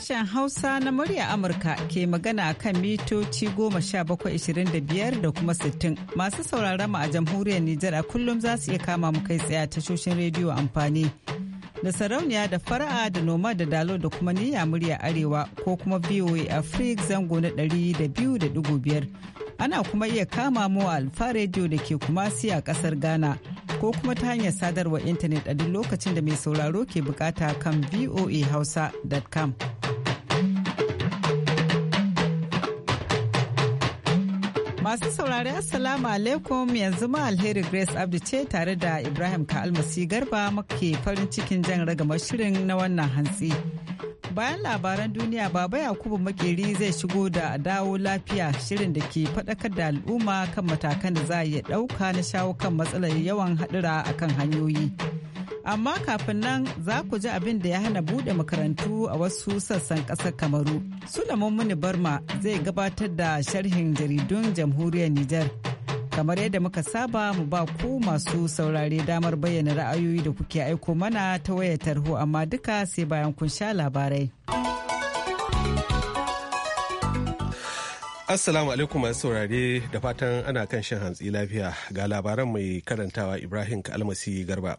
Sashen Hausa na murya Amurka ke magana kan mitoci goma sha 1725 da kuma 60. Masu sauraron mu a jamhuriyar Nijar a kullum za su iya kama mu kai tsaye tashoshin tashoshin rediyo amfani. Da sarauniya da fara'a da noma da dalo da kuma niyya murya arewa ko kuma VOA Africa zango na da 200.5 ana kuma iya kama mu a alfa rediyo da ke kumasi a kasar ghana ko kuma ta hanyar sadarwar intanet a duk lokacin da mai sauraro ke bukata kan voahausa.com Masu saurari Assalamu alaikum yanzu ma alheri Grace Abdi ce tare da Ibrahim Ka'almasi Garba muke farin cikin jan ragamar shirin na wannan hantsi. Bayan labaran duniya Baba Yakubu Makeri zai shigo da dawo lafiya shirin da ke faɗakar da al'umma kan matakan da za a iya ɗauka na shawo kan matsalar yawan haɗura akan hanyoyi. amma kafin nan za ku ji abin da ya hana bude makarantu a wasu sassan kasar kamaru sulaiman muni barma zai gabatar da sharhin jaridun jamhuriyar nijar kamar yadda muka saba mu ba ku masu saurare damar bayyana ra'ayoyi da kuke aiko mana ta wayar tarho amma duka sai bayan kun sha labarai Assalamu alaikum masu saurare da fatan ana kan shan hantsi lafiya ga labaran mai karantawa Ibrahim Kalmasi Garba.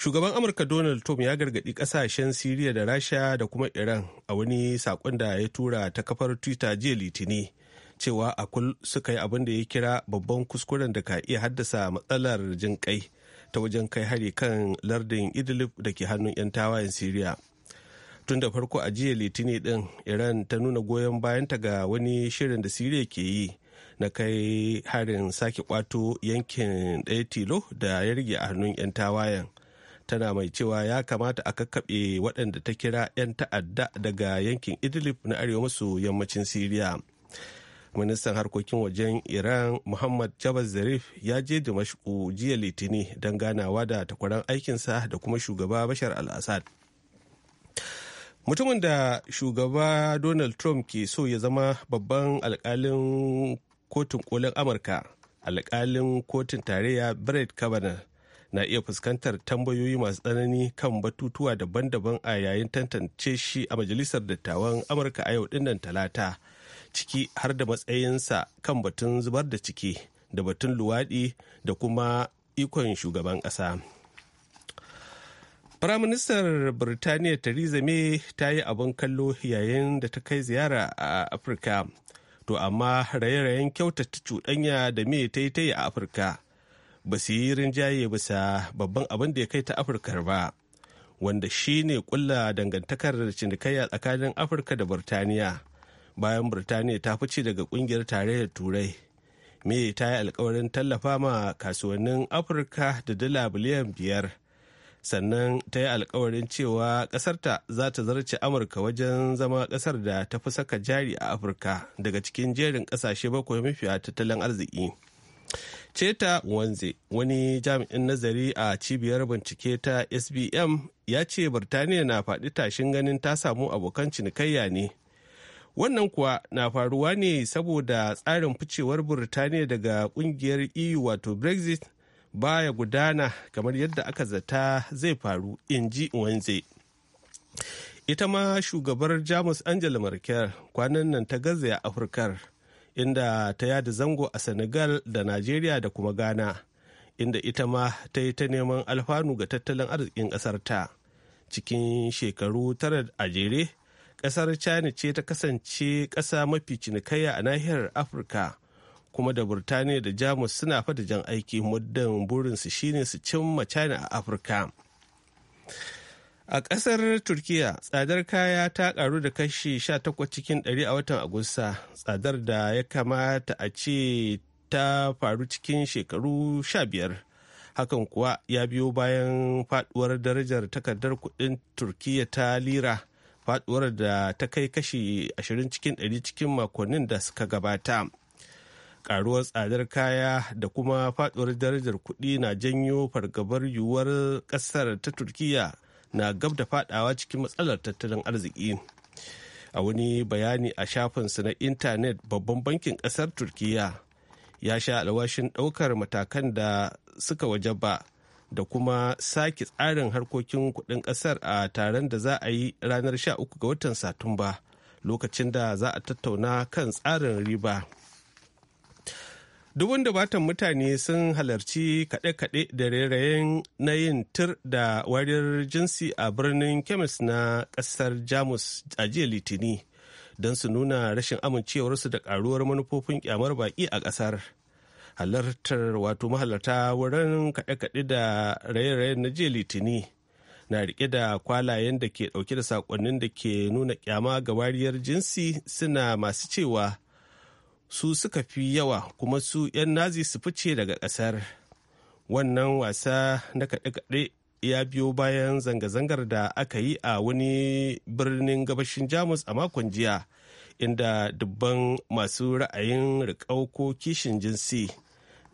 shugaban amurka donald trump ya gargaɗi ƙasashen siriya da rasha da kuma iran a wani sakon da ya tura ta kafar twitter jiya litini cewa kul suka yi abin da ya kira babban kuskuren da ka iya haddasa matsalar jin kai ta wajen kai hari kan lardin idlib da ke hannun 'yan tawayen siriya tun da farko a jiya litini din iran ta nuna goyon bayanta ga wani shirin da siriya ke yi na kai harin sake kwato yankin ɗaya tilo da ya rage a hannun 'yan tawayen tana mai cewa ya kamata a kakkaɓe waɗanda ta kira 'yan ta'adda daga yankin idlib na arewa maso yammacin siriya ministan harkokin wajen iran muhammad jabal zarif ya je damashku jiya litini don ganawa da takwaran aikinsa da kuma shugaba bashar al-assad mutumin da shugaba donald trump ke so ya zama babban alkalin kotun kolin amurka alkalin kotun tarayya brett kavanaugh na iya fuskantar tambayoyi masu tsanani kan batutuwa daban-daban a yayin tantance shi a majalisar dattawan amurka a yau dinnan talata ciki har da matsayinsa kan batun zubar da ciki da batun luwaɗi da kuma ikon shugaban ƙasa. Firaministar Birtaniya Theresa May ta yi abin kallo yayin da ta kai ziyara a Afirka. To amma raye-rayen kyautata cuɗanya da May ta yi ta yi a Afirka ba su yi rinjaye ba sa babban abin da ya kai ta afirka ba wanda shi ne kulla dangantakar cinikayya tsakanin afirka da burtaniya bayan burtaniya ta fice daga kungiyar tarayyar turai me ta yi alkawarin tallafa ma kasuwannin afirka da dala biliyan biyar sannan ta yi alkawarin cewa ƙasarta za ta zarce amurka wajen zama ƙasar da ta fi saka jari a afirka daga cikin jerin ƙasashe bakwai mafiya tattalin arziki Ceta Wanze, wani jami'in nazari a cibiyar bincike ta SBM ya ce Birtaniya na faɗi tashin ganin ta samu abokan cinikayya ne. Wannan kuwa na faruwa ne saboda tsarin ficewar Birtaniya daga ƙungiyar EU wato Brexit baya gudana kamar yadda aka zata zai faru, in ji Wanze. Ita ma shugabar Jamus Angela Merkel kwanan nan ta gaza a Afirkar. inda ta yada zango a Senegal da nigeria da kuma Ghana, inda ita ma ta yi ta neman alfanu ga tattalin arzikin ƙasar ta. Cikin shekaru tara a jere, ƙasar China ce ta kasance ƙasa mafi cinikayya a nahiyar Afirka, kuma da Burtaniya da Jamus suna fata jan aiki muddin burinsu shine su cimma China a Afirka. A ƙasar Turkiya, tsadar kaya ta ƙaru da kashi 18 cikin 100 a watan Agusta, tsadar da ya kamata a ce ta faru cikin shekaru 15. Hakan kuwa ya biyo bayan faduwar darajar takardar kuɗin Turkiya ta lira, faduwar da ta kai kashi 20 cikin 100 cikin makonnin da suka gabata. Ƙaruwar tsadar kaya da kuma faduwar darajar kuɗi na janyo fargabar yiwuwar ƙasar ta Turkiyya. na gab da fadawa cikin matsalar tattalin arziki a wani bayani a shafin shafinsa na intanet babban bankin kasar turkiya ya sha alwashin ɗaukar matakan da suka waje ba da kuma sake tsarin harkokin kuɗin ƙasar a taron da za a yi ranar 13 ga watan satumba lokacin da za a tattauna kan tsarin riba Dubun dubatan mutane sun halarci kaɗe-kaɗe da rairayen na yin tir da wariyar jinsi a birnin Kemis na ƙasar Jamus a jiya Litini don su nuna rashin amincewarsu da ƙaruwar manufofin kyamar baƙi a ƙasar. Halartar wato mahalarta wurin kaɗe-kaɗe da raye na jiya Litini. na rike da kwalayen da ke ɗauke da saƙonnin da ke nuna kyama ga wariyar jinsi suna masu cewa su suka fi yawa kuma su 'yan nazi su fice daga ƙasar wannan wasa na kaɗe-kaɗe ya biyo bayan zanga-zangar da aka yi a wani birnin gabashin jamus a makon jiya inda dubban masu ra'ayin riƙau ko kishin jinsi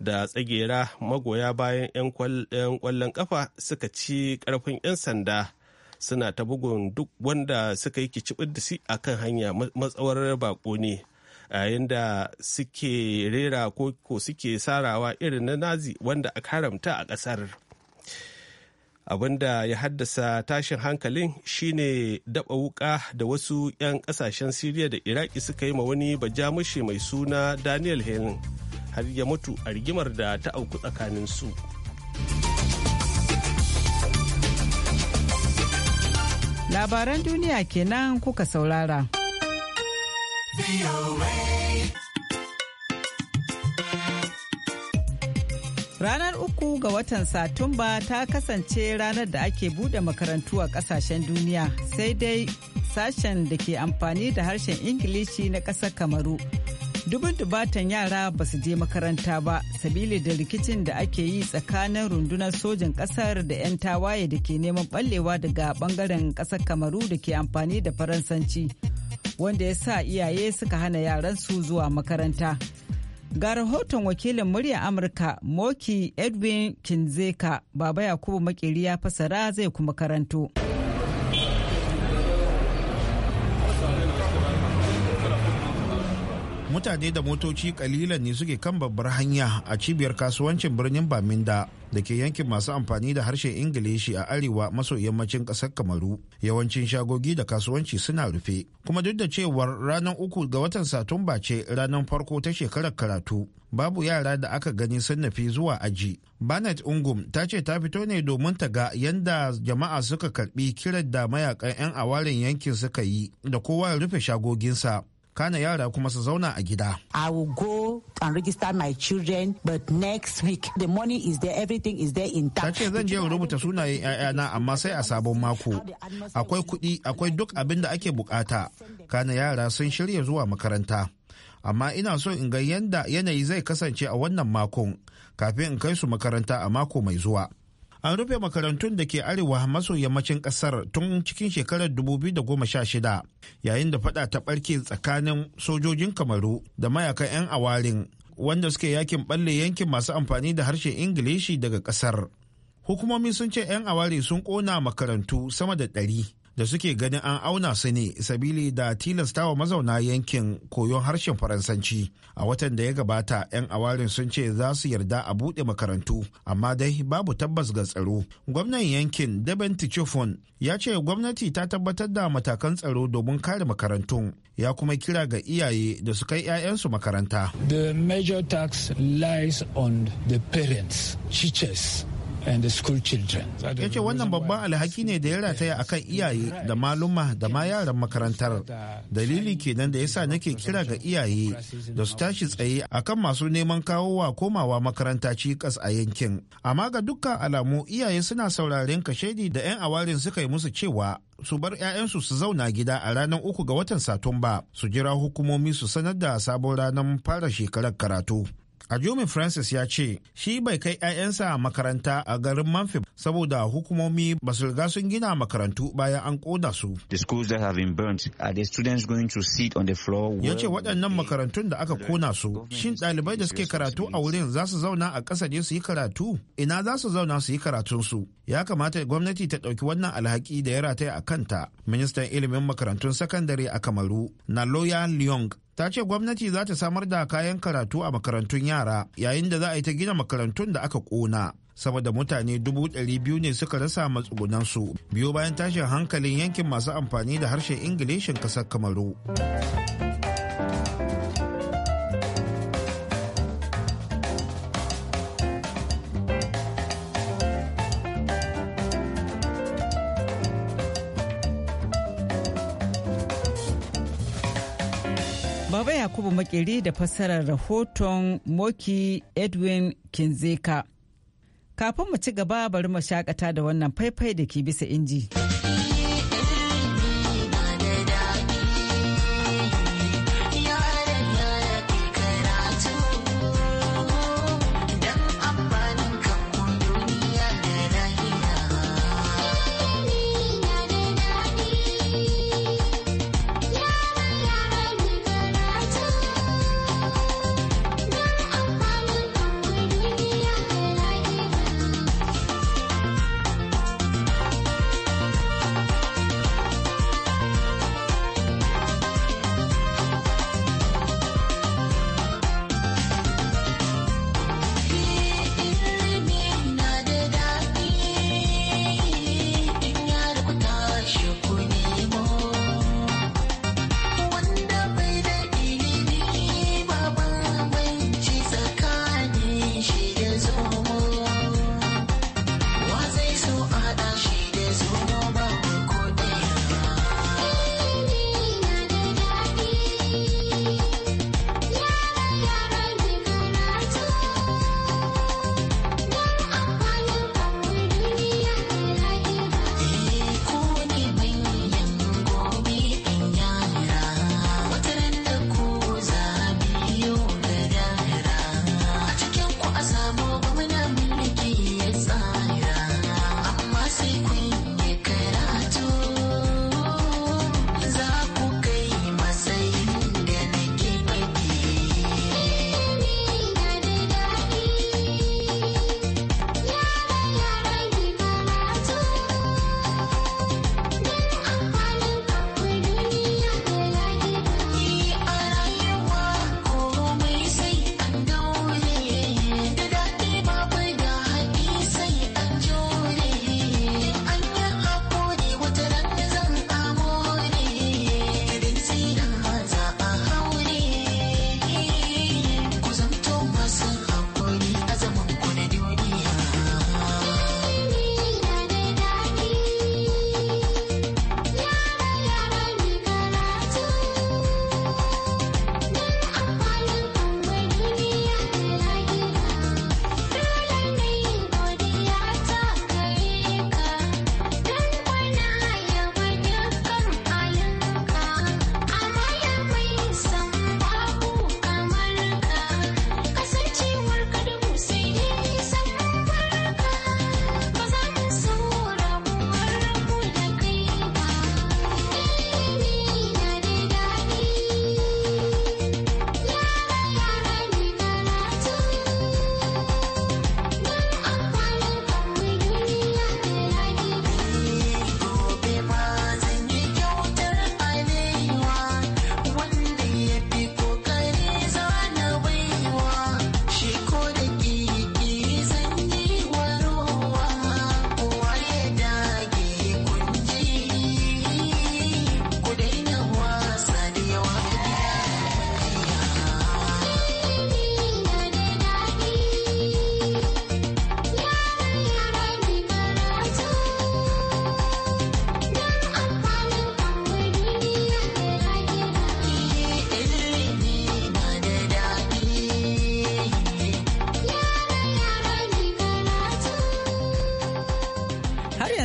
da tsagera magoya bayan 'yan ƙwallon ƙafa suka ci ƙarfin 'yan sanda suna ta bugun duk wanda suka yi kicibin da si a kan hanya matsawar bako ne yayin da suke rera ko suke sarawa irin na nazi wanda a karamta a ƙasar abinda ya haddasa tashin hankalin shine daba wuƙa da wasu 'yan kasashen siriya da iraki suka yi ma wani bajamushi mai suna daniel helen har ya mutu a rigimar da ta auku tsakanin su labaran duniya kenan kuka saurara. Ranar uku ga watan Satumba ta kasance ranar da ake bude makarantu a kasashen duniya sai dai sashen da ke amfani da harshen Ingilishi na ƙasar Kamaru. Dubin dubatan yara ba su je makaranta ba, sabili da rikicin da ake yi tsakanin rundunar sojin ƙasar da 'yan tawaye da ke neman ɓallewa daga ɓangaren ƙasar Kamaru da ke amfani da Faransanci. wanda ya sa iyaye suka hana su zuwa makaranta. Ga rahoton wakilin murya Amurka Moki Edwin Kinzeka Baba Yakubu Makeri ya fasara zai kuma karanto. mutane da motoci kalilan ne suke kan babbar hanya a cibiyar kasuwancin birnin baminda da ke yankin masu amfani da harshen ingilishi a arewa maso yammacin ƙasar kamaru yawancin shagogi da kasuwanci suna rufe kuma duk da cewar ranar uku ga watan satumba ce ranar farko ta shekarar karatu babu yara da aka gani sun nafi zuwa aji banet Ungum ta ce ta fito ne domin ta ga yadda jama'a suka karbi kiran da mayakan 'yan awarin yankin suka yi da kowa ya rufe shagoginsa kana yara kuma su zauna a gida. I will go and register my children but next week the money is there everything is there in Ta ce zan je rubuta sunayen 'ya'yana amma sai a sabon mako. Akwai kuɗi akwai duk abin da ake bukata. Kana yara sun shirya zuwa makaranta. Amma ina so in ga yanda yanayi zai kasance a wannan makon kafin in kai su makaranta a mako mai zuwa. an rufe makarantun da ke arewa maso yammacin kasar tun cikin shekarar 2016 yayin da fada ta barke tsakanin sojojin kamaru da mayakan 'yan awarin wanda suke yakin balle yankin masu amfani da harshen ingilishi daga kasar hukumomi sun ce 'yan awari sun kona makarantu sama da ɗari da suke ganin an auna su ne sabili da tilastawa mazauna yankin koyon harshen faransanci a watan da ya gabata 'yan awarin sun ce za su yarda a buɗe makarantu amma dai babu tabbas ga tsaro gwamnan yankin deben tichofon ya ce gwamnati ta tabbatar da matakan tsaro domin kare makarantun ya kuma kira ga iyaye da su kai 'ya'yansu makaranta the major tax lies on the parents teachers and school children. Ya ce wannan babban alhaki ne da ya rataya akan iyaye da maluma da ma yaran makarantar. Dalili kenan da yasa nake kira ga iyaye da su tashi tsaye a kan masu neman kawo wa komawa makaranta cikas a yankin. Amma ga dukkan alamu iyaye suna sauraren kashedi da 'yan awarin suka yi musu cewa su bar 'ya'yansu su zauna gida a ranar uku ga watan Satumba su jira hukumomi su sanar da sabon ranar fara shekarar karatu. Ajumi Francis ya ce shi bai kai 'ya'yansa makaranta a garin Manfi saboda hukumomi ba su riga sun gina makarantu bayan an koda su. The schools that have been burnt are the students going to sit on the floor. Ya ce waɗannan makarantun da aka kona su shin ɗalibai da suke karatu a wurin za su zauna a ƙasa ne su yi karatu ina za su zauna su yi karatunsu. Ya kamata gwamnati ta ɗauki wannan alhaki da ya rataya a kanta. Ministan ilimin makarantun sakandare a Kamaru Naloya Leong ta ce gwamnati za ta samar da kayan karatu a makarantun yara yayin da za a yi ta gina makarantun da aka kona sama da mutane dubu ɗari biyu ne suka rasa matsugunansu biyo bayan tashin hankalin yankin masu amfani da harshen ingilishin ƙasar kamaru. Baba Yakubu Makeri da fassarar rahoton Moki Edwin Kinzeka. Kafin mu ci gaba bari mu shakata da wannan faifai da ke bisa inji.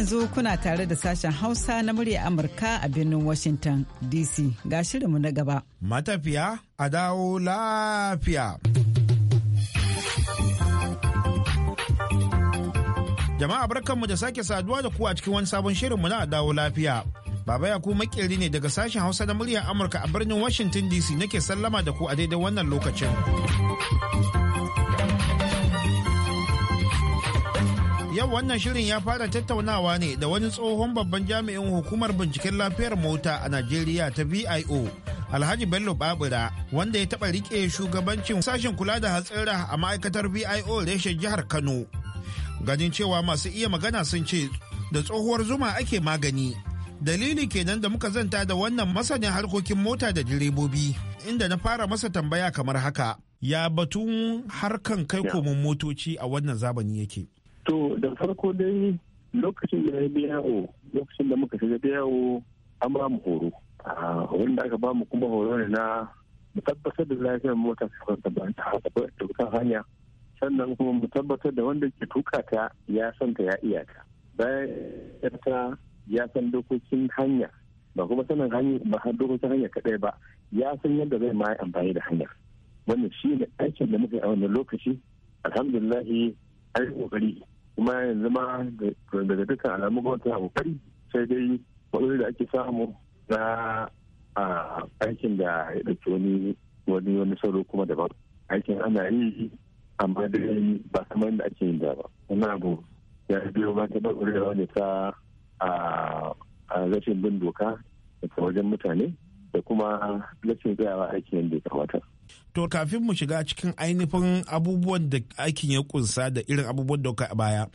yanzu kuna tare da sashen Hausa na murya Amurka a birnin Washington DC ga shirinmu na gaba. Matafiya a dawo lafiya. Jama'a barkanmu da sake saduwa da ku a cikin wani sabon shirinmu na a dawo lafiya. Baba Yakubu makeri ne daga sashen Hausa na murya Amurka a birnin Washington DC nake sallama da ku a daidai wannan lokacin. Yau wannan shirin ya fara tattaunawa ne da wani tsohon babban jami'in hukumar binciken lafiyar mota a Najeriya ta VIO, Alhaji Bello Babura, wanda ya taɓa riƙe shugabancin sashen kula da hatsira a ma'aikatar VIO reshen jihar Kano. Ganin cewa masu iya magana sun ce da tsohuwar zuma ake magani. Dalili kenan da muka zanta da wannan masanin harkokin mota da direbobi, inda na fara masa tambaya kamar haka. ya batun harkan kai komin motoci a wannan zamani yake To da farko dai lokacin da ya bi yawo lokacin da muka shiga yawo an ba mu horo. Wanda aka ba mu kuma horo ne na mu tabbatar da lafiyar mota kafin ta ba ta kan hanya. Sannan kuma mu tabbatar da wanda ke tuka ta ya san ta ya iya ta. Bayan ta ya san dokokin hanya ba kuma sanin hanya ba dokokin hanya kadai ba ya san yadda zai ma amfani da hanya Wannan shi ne aikin da muka yi a wannan lokaci. Alhamdulillahi a yi kokari kuma yanzu ma daga dukkan alamu gwamnati a kokari sai dai matsaloli da ake samu na aikin da ya ɗauki wani wani wani sauro kuma daban aikin ana yi amma dai ba kamar yadda ake yin da ba wani abu ya biyo ma ta da wani ta a rashin bin doka daga wajen mutane da kuma rashin tsayawa aikin yadda ya kamata. To kafin mu shiga cikin ainihin abubuwan da aikin ya kunsa da irin abubuwan da a baya.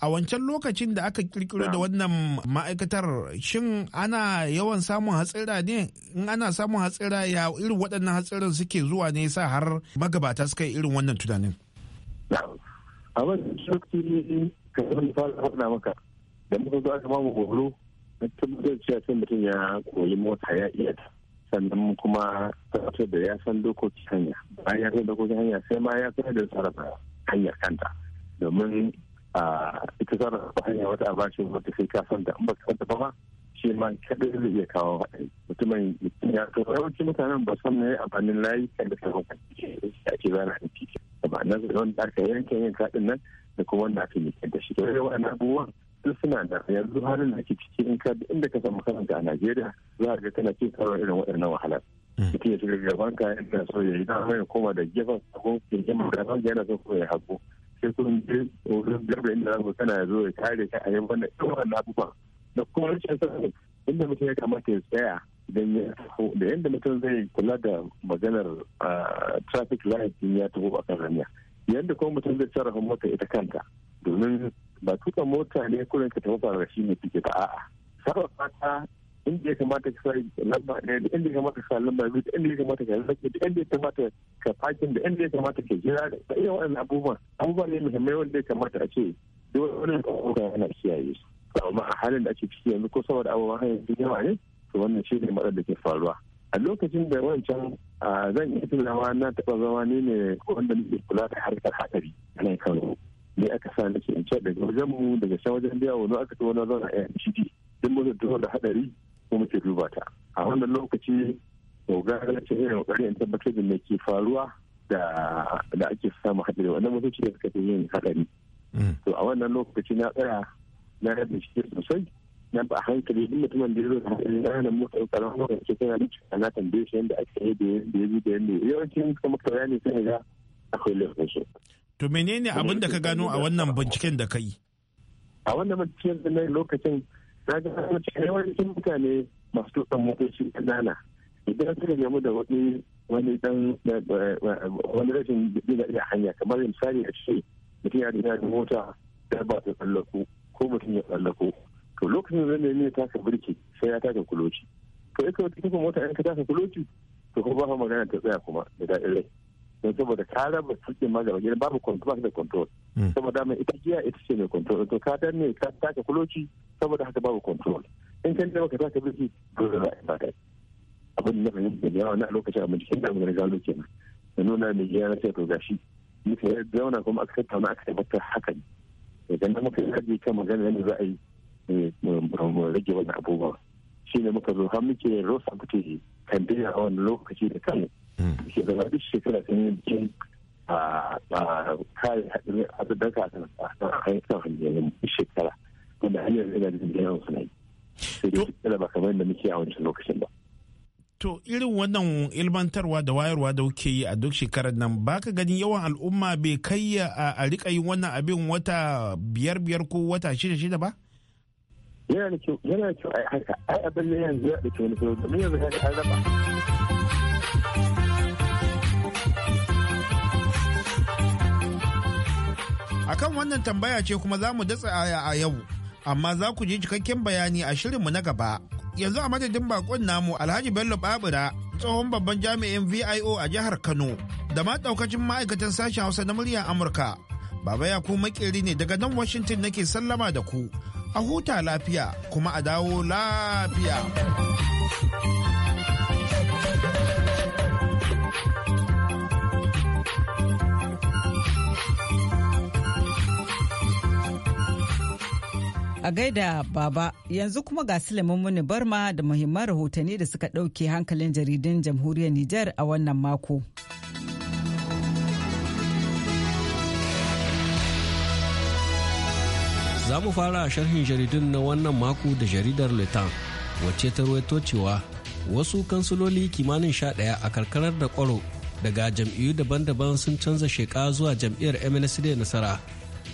A wancan lokacin da aka kirkiro da wannan ma'aikatar shin ana yawan samun hatsira ne? In ana samun hatsira ya irin waɗannan hatsirin suke zuwa ne sa har magabata suka yi irin wannan tunanin? A wannan ne ka zama fara faɗa maka da muka zo aka mamu horo na tabbatar cewa mutum ya koyi mota ya iya ta. sannan kuma sarrafa da ya san dokokin hanya bayan ya san dokokin hanya sai ma ya sanar da sarrafa hanyar kanta domin ita sarrafa hanya wata a bashi wata sai ka san da in baka santa ba ma shi ma kadai zai iya kawo haɗari mutumin ya to yawancin mutanen ba san mai amfanin layi kan da sabon a ce zana da titi amma nan wanda aka yanke yin kaɗin nan da kuma wanda aka yi da shi to yawan abubuwan duk suna da yanzu halin da ake ciki in ka inda ka samu karanta a Najeriya za a ga kana cin karo irin waɗannan wahalar. Hmm. Mutum ya shiga gaban ka yana so ya yi dama ya koma da gefen sabo ya yi magana yana so ko ya hagu. Sai kun je wurin garba inda za kana ya zo ya kare ka a yi wannan irin wannan Da kuma rashin sanin inda mutum ya kamata ya tsaya idan ya taho da yadda mutum zai kula da maganar ah, traffic light ya taho a kan hanya. Yadda kuma mutum zai sarrafa mota ita kanta domin ba tuka mota ne kurin ka tafafa da shi ne fike ba a'a sarrafa ta inda ya kamata ka sai lamba ɗaya da inda ya kamata ka lamba biyu da inda ya kamata ka rage da inda ya kamata ka fakin da inda ya kamata ka jira da irin waɗannan abubuwan abubuwan ne muhimmai wanda ya kamata a ce dole wani abubuwa yana kiyaye su amma a halin da ake ciki yanzu ko saboda abubuwan hanyar sun yawa ne to wannan shi ne matsalar da ke faruwa a lokacin da wancan zan iya tunawa na taɓa zama ne ne wanda nake kula da harkar hatsari a nan kano ne aka sa nake in ce daga wajen mu daga shan wajen biya wani aka ta wani zauna a MCD ciki mu zai da hadari ko muke duba ta a wannan lokaci dogara na a kokari in tabbatar da me ke faruwa da ake samu hadari wannan motoci da suka yin hadari mm. to a wannan lokaci na tsaya na shi ke sosai na ba hankali duk mutumin da ya zo da hadari na da mota karan kuma ke kana da cikin na tambaye shi yadda ake yi da yadda ya bi da yadda yawancin kuma kawai ne sai ga akwai laifin su To menene abin da ka gano a wannan binciken da ka yi? A wannan binciken da na lokacin na ga yawancin mutane masu tukan motoci ƙanana idan suka gamu da wani wani dan wani rashin iya hanya kamar misali a ce mutum ya dina da mota da ba ta tsallako ko mutum ya tsallako to lokacin zan ne ta ka birki sai ya taka kuloci to ita kawai tuka mota in ka taka kuloci to ko ba magana ta tsaya kuma da daɗin rai don saboda ka raba tukin ma gaba gidan babu control da control hmm. saboda mai ita giya ita ce mai control to ka ne ka taka kuloci saboda haka babu control in kan da baka taka birki dole ba ba kai abin da ne ne yawa na lokacin amma cikin da mun gano kenan da nuna ne ya na ce to gashi muka yi zauna kuma aka tattauna aka tabbatar haka ne idan da muka yi kan magana ne za a yi eh, mu rage wannan abubuwa shi ne muka zo har muke rosa kan kandila a wani lokaci da kanmu shugaba duk shekara sun yi bikin kare haɗin a kan hanyoyin shekara wanda hanyar da suna yi sai shekara ba kamar da muke a wancan lokacin ba. To irin wannan ilmantarwa da wayarwa da kuke yi a duk shekarar nan baka gani yawan al'umma bai kai a rika yin wannan abin wata biyar biyar ko wata shida shida ba? Yana da kyau, yana da haka, ai abin da yanzu ya da kyau domin yanzu ya kyau, Akan wannan tambaya ce kuma za mu datsa aya a yau, amma za ku ji cikakken bayani a shirinmu na gaba. Yanzu a madadin bakon namu Alhaji Bello Babura tsohon babban jami'in VIO a jihar Kano da ma daukacin ma'aikatan sashen Hausa na muryar Amurka. Baba ya ku makeri ne daga nan Washington nake sallama da ku. A huta lafiya kuma a dawo lafiya. A gaida baba yanzu kuma ga Sulaiman Barma da muhimman rahotanni da suka ɗauke hankalin jaridun jamhuriyar Nijar a wannan mako. Za mu fara a sharhin jaridun na wannan mako da jaridar Letan wacce ta ruwaito cewa wasu kansuloli kimanin sha ɗaya a karkarar da kwaro daga jam'iyyu daban-daban sun canza sheka zuwa jam'iyyar MNSD nasara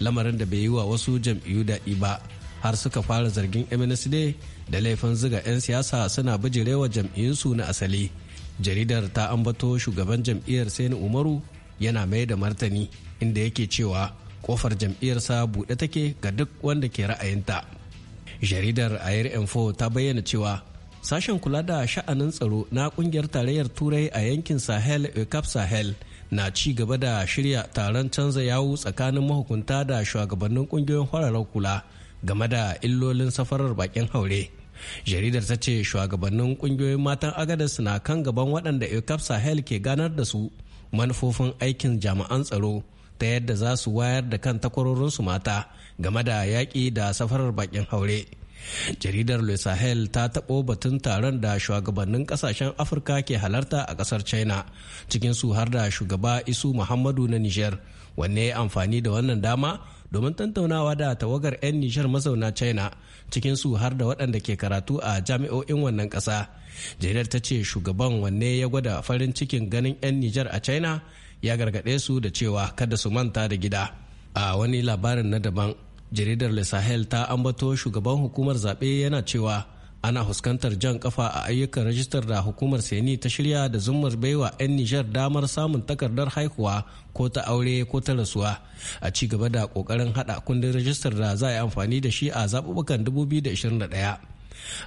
lamarin da bai yi wa wasu jam'iyyu daɗi ba. har suka fara zargin MNSD da laifin ziga 'yan siyasa suna bijirewa jam'iyyunsu na asali. Jaridar ta ambato shugaban jam'iyyar Sani Umaru yana mai da martani inda yake cewa kofar jam'iyyarsa buɗe take ga duk wanda ke ra'ayinta. Jaridar Air Info ta bayyana cewa sashen kula da sha'anin tsaro na kungiyar tarayyar turai a yankin sahel ekap sahel na ci gaba da shirya taron canza yawu tsakanin mahukunta da shugabannin kungiyoyin fararen kula game da illolin safarar bakin haure jaridar ta ce shugabannin kungiyoyin matan agadas na kan gaban waɗanda ecap sahel ke ganar da su manufofin aikin jami'an tsaro ta yadda za su wayar da kan takwarorinsu mata game da yaƙi da safarar bakin haure jaridar le sahel ta taɓo batun taron da shugabannin ƙasashen afirka ke halarta a ƙasar china cikin su har da shugaba isu muhammadu na niger wanne amfani da wannan dama domin tantaunawa da tawagar 'yan nishar mazauna china su har da waɗanda ke karatu a jami'o'in wannan ƙasa jaridar ta ce shugaban wanne ya gwada farin cikin ganin 'yan nijar a china ya gargaɗe su da cewa kada su manta da gida a wani labarin na daban jaridar le sahel ta ambato shugaban hukumar zaɓe yana cewa ana fuskantar jan kafa a ayyukan rajistar da hukumar seni ta shirya da zummar baiwa 'yan nijar damar samun takardar haihuwa ko ta aure ko ta rasuwa a ci gaba da kokarin hada kundin rajistar da za a yi amfani da shi a zaɓuɓɓukan 2021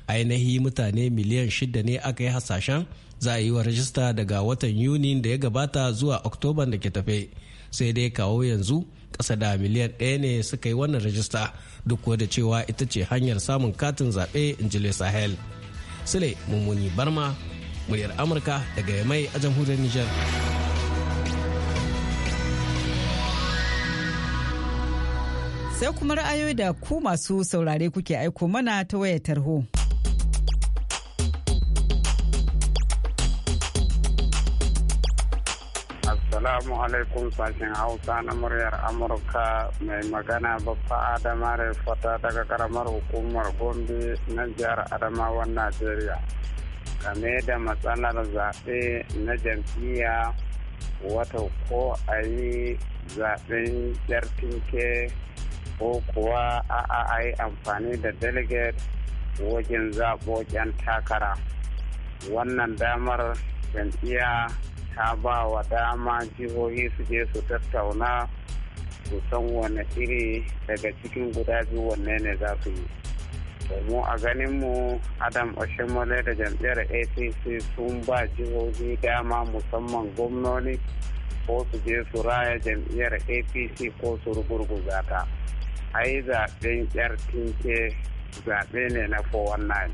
ainihi mutane miliyan shida ne aka yi hasashen za a yi wa rajista daga watan yuni da ya gabata zuwa oktoban da ke tafe sai dai kawo yanzu ƙasa da miliyan ɗaya ne suka yi wannan rajista duk da cewa ita ce hanyar samun katin zaɓe in ji sahel sule mummuni barma muryar amurka daga yamai a jamhuriyar nijar sai kuma ra'ayoyi da ku masu saurare kuke aiko mana ta wayar tarho Assalamu alaikum sashen Hausa na muryar Amurka mai magana babba Adama fata daga karamar hukumar Gombe na jihar adamawa Najeriya. Game da matsalar zaɓe na jam'iyya wata ko a yi zaɓen jartinke ko kuwa a a yi amfani da delegate wajen zaɓo 'yan takara. Wannan damar jam'iyya ta ba wa dama jihohi su je su tattauna su san wane iri daga cikin guda biyu wanne ne za su yi mu a ganinmu adam oshimole da jam'iyyar apc sun ba jihohi dama musamman gwamnoni ko su je su raya jam'iyyar apc ko su rugurguza ta ai zaɓen yar tinke zaɓe ne na 419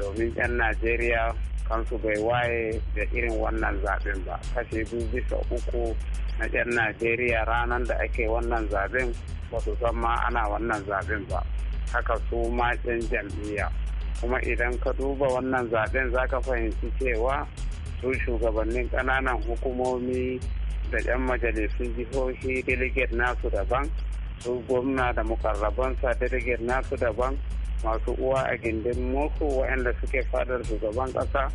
domin 'yan najeriya kansu bai waye da irin wannan zaben ba kashe biyu bisa uku na 'yan najeriya ranar da ake wannan zaben ba su san ma ana wannan zaben ba haka su ma 'yan jam'iyya kuma idan ka duba wannan zaben za ka fahimci cewa su shugabannin ƙananan hukumomi da 'yan majalisun jihohi delegate nasu daban su gwamna da mukarrabansa delegate nasu daban masu uwa a gindin musu waɗanda suke fadar shugaban ƙasa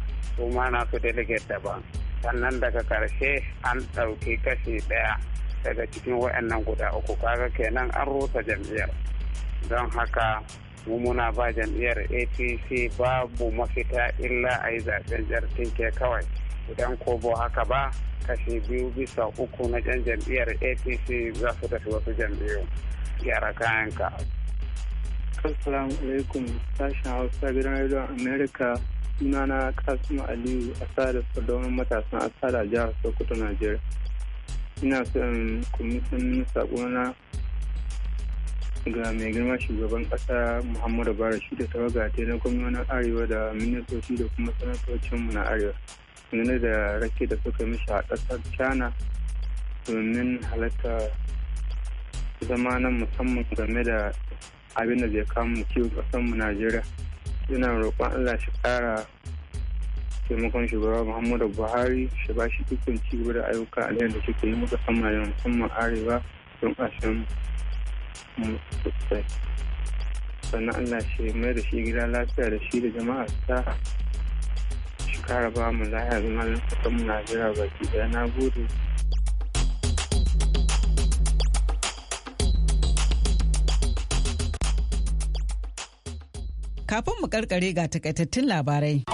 ma na su delegate daban sannan daga ƙarshe an ɗauki kashi ɗaya daga cikin waɗannan guda uku kaga kenan an rusa jam'iyyar don haka mumuna ba jam'iyyar apc babu mafita illa a yi zaɓen jartinke kawai idan ko bo haka ba kashi biyu bisa uku na 'yan jam'iyyar apc za su tafi wasu jam'iyyu gyara kayanka. Assalamu alaikum sashen Hausa gidan Radio America na Kasim Aliyu a sada sardaunin matasan asada jihar Sokoto Najeriya. Ina son kumisan sakona ga mai girma shugaban kasa Muhammadu Bara shi da tawaga ta na gwamnonin Arewa da ministoci da kuma sanatocinmu na Arewa. Sannan da rake da suka mishi a ƙasar China domin halatta zama na musamman game da abin da zai kama kiwon ƙasar mu najeriya ina roƙon allah shi ƙara taimakon shugaba muhammadu buhari shi ba shi dukkan cigaba da ayyuka a da suke yi muka sama yau musamman arewa don mu sosai sannan allah shi mai da shi gida lafiya da shi da jama'a ta shi ƙara ba mu lahiya zama lantarkin mu najeriya baki daya na gode Kafin mu karkare ga takaitattun labarai.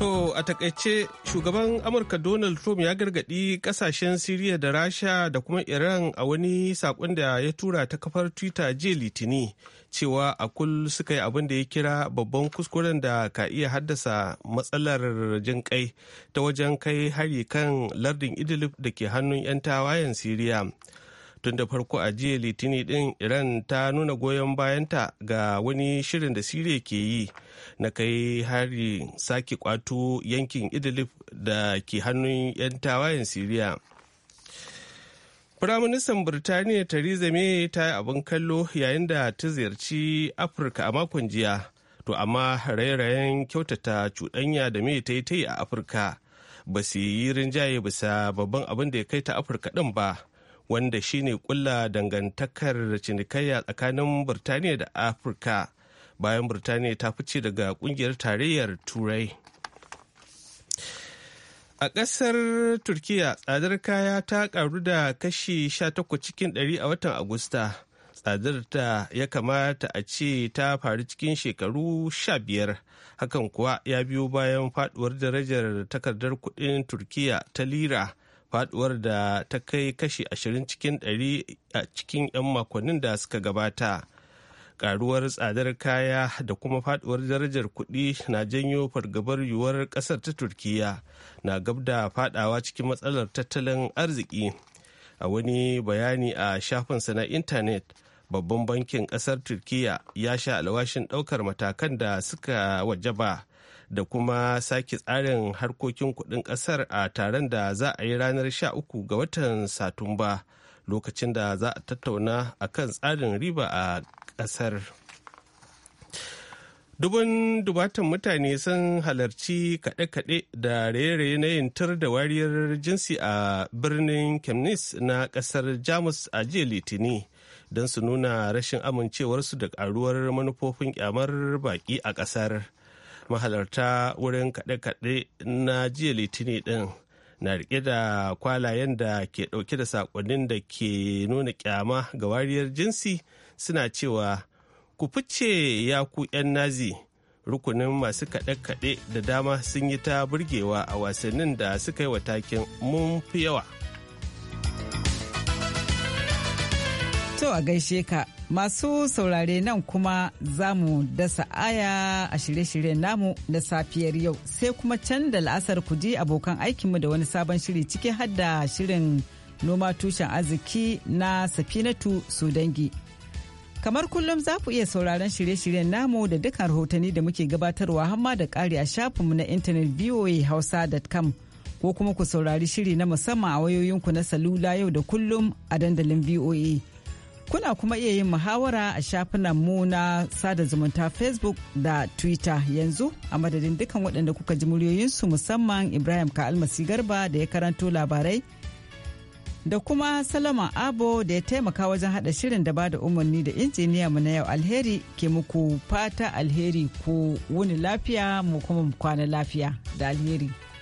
To a takaice shugaban Amurka Donald Trump ya gargadi kasashen Siriya da Rasha da kuma Iran a wani saƙon da ya tura ta kafar Twitter jiya Litini cewa a kul suka yi abin da ya kira babban kuskuren da ka iya haddasa matsalar jin kai ta wajen kai hari kan lardin Idlib da ke hannun 'yan tawayen Siriya. tun da farko a jiya litini din iran ta nuna goyon bayanta ga wani shirin da siriya ke yi na kai hari sake kwato yankin idlib da ke hannun 'yan tawayen siriya Firaministan Birtaniya Theresa May ta yi abin kallo yayin da ta ziyarci Afirka a makon jiya, to amma rairayen kyautata cuɗanya da mai ta yi ta yi a Afirka ba su yi rinjaye bisa babban abin da ya kai ta Afirka ɗin ba. wanda shine kulla dangantakar cinikayya tsakanin Burtaniya da Afirka bayan Burtaniya ta fice daga kungiyar tarayyar Turai. A ƙasar Turkiya tsadar kaya ta ƙaru da kashi 18 cikin 100 a watan Agusta. Tsadar ta ya kamata a ce ta faru cikin shekaru 15. Hakan kuwa ya biyo bayan faduwar darajar takardar kuɗin Turkiya ta lira. faduwar da ta kai kashi ashirin cikin 100 a cikin 'yan makonnin da suka gabata karuwar tsadar kaya da kuma faduwar darajar kuɗi na janyo fargabar yiwuwar ƙasar ta turkiya na gab da fadawa cikin matsalar tattalin arziki a wani bayani a shafinsa na intanet babban bankin ƙasar turkiya ya sha alwashin ɗaukar matakan da suka wajaba da kuma sake tsarin harkokin kuɗin ƙasar a taron da za a yi ranar 13 ga watan satumba lokacin da za a tattauna a kan tsarin riba a ƙasar dubun dubatan mutane sun halarci kaɗe-kaɗe da raye-raye na yintar da wariyar jinsi a birnin chemnitz na ƙasar jamus a jiya litini don su nuna rashin amincewarsu da ƙaruwar manufofin kyamar baƙi a ƙasar. mahalarta wurin kaɗe-kaɗe na jiya litini ɗin na riƙe da kwalayen da ke ɗauke da saƙonnin da ke nuna ƙyama ga wariyar jinsi suna cewa ku fice ya ku 'yan nazi rukunin masu kaɗe-kaɗe da dama sun yi ta burgewa a wasannin da suka yi wa takin mun fi yawa. yau a gaishe ka masu saurare nan kuma za mu dasa aya a shirye-shiryen namu na safiyar yau sai kuma can da la'asar ku ji abokan aikinmu da wani sabon shiri ciki hadda shirin noma tushen arziki na safinatu su dangi. Kamar kullum za ku iya sauraron shirye-shiryen namu da dukkan rahotanni da muke gabatarwa hamma da ƙari a shafinmu na intanet voahausa.com ko kuma ku saurari shiri na musamman a wayoyinku na salula yau da kullum a dandalin VOA. Kuna kuma iya yin muhawara a shafinan mu na sada zumunta Facebook da Twitter yanzu a madadin dukan waɗanda kuka ji muryoyinsu musamman Ibrahim ka almasi Garba da ya karanto labarai da kuma Salama Abo da ya taimaka wajen haɗa shirin da ba da umarni da injiniya mu na yau alheri ke muku fata alheri ku wuni lafiya mu kuma kwana lafiya da alheri.